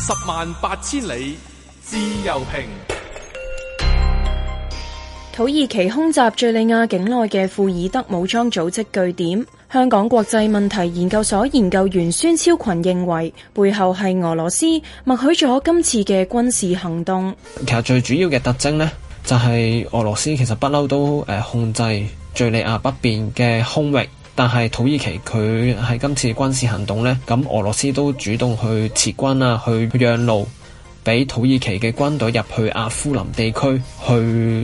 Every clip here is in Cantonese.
十萬八千里自由評，土耳其空襲敘利亞境內嘅庫爾德武裝組織據點。香港國際問題研究所研究員孫超群認為，背後係俄羅斯默許咗今次嘅軍事行動。其實最主要嘅特徵呢，就係、是、俄羅斯其實不嬲都誒控制敘利亞北邊嘅空域。但係土耳其佢喺今次軍事行動呢，咁俄羅斯都主動去撤軍啊，去讓路俾土耳其嘅軍隊入去阿夫林地區去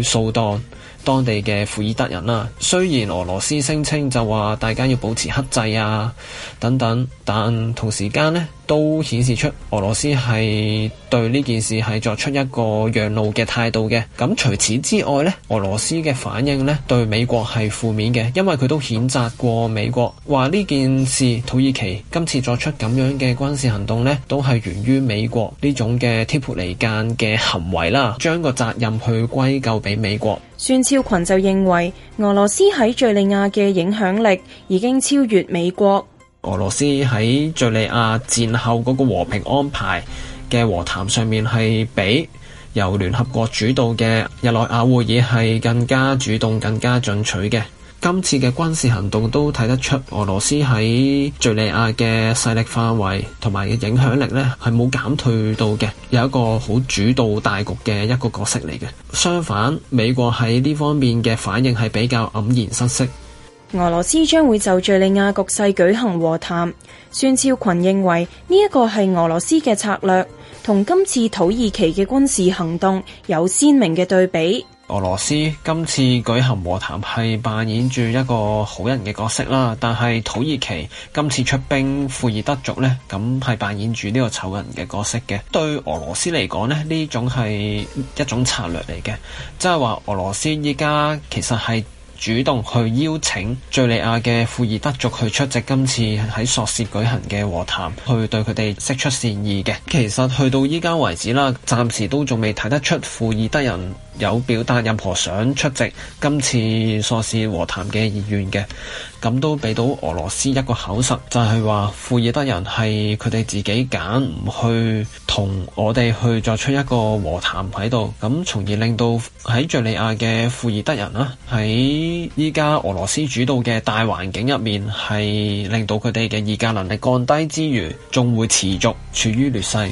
掃蕩當地嘅庫爾德人啦。雖然俄羅斯聲稱就話大家要保持克制啊等等，但同時間呢。都顯示出俄羅斯係對呢件事係作出一個讓路嘅態度嘅。咁除此之外咧，俄羅斯嘅反應咧對美國係負面嘅，因為佢都譴責過美國，話呢件事土耳其今次作出咁樣嘅軍事行動咧，都係源於美國呢種嘅 t i 挑撥離間嘅行為啦，將個責任去歸咎俾美國。孫超群就認為，俄羅斯喺敘利亞嘅影響力已經超越美國。俄羅斯喺敘利亞戰後嗰個和平安排嘅和談上面，係比由聯合國主導嘅日內瓦會議係更加主動、更加進取嘅。今次嘅軍事行動都睇得出俄羅斯喺敘利亞嘅勢力範圍同埋嘅影響力呢，係冇減退到嘅，有一個好主導大局嘅一個角色嚟嘅。相反，美國喺呢方面嘅反應係比較黯然失色。俄羅斯將會就敘利亞局勢舉行和談。孫超群認為呢一個係俄羅斯嘅策略，同今次土耳其嘅軍事行動有鮮明嘅對比。俄羅斯今次舉行和談係扮演住一個好人嘅角色啦，但係土耳其今次出兵庫爾德族呢，咁係扮演住呢個醜人嘅角色嘅。對俄羅斯嚟講呢，呢種係一種策略嚟嘅，即係話俄羅斯依家其實係。主動去邀請敍利亞嘅庫爾德族去出席今次喺索契舉行嘅和談，去對佢哋釋出善意嘅。其實去到依家為止啦，暫時都仲未睇得出庫爾德人有表達任何想出席今次索契和談嘅意願嘅。咁都俾到俄羅斯一個口實，就係話庫爾德人係佢哋自己揀，唔去同我哋去作出一個和談喺度，咁從而令到喺敘利亞嘅庫爾德人啦，喺依家俄羅斯主導嘅大環境入面，係令到佢哋嘅議價能力降低之餘，仲會持續處於劣勢。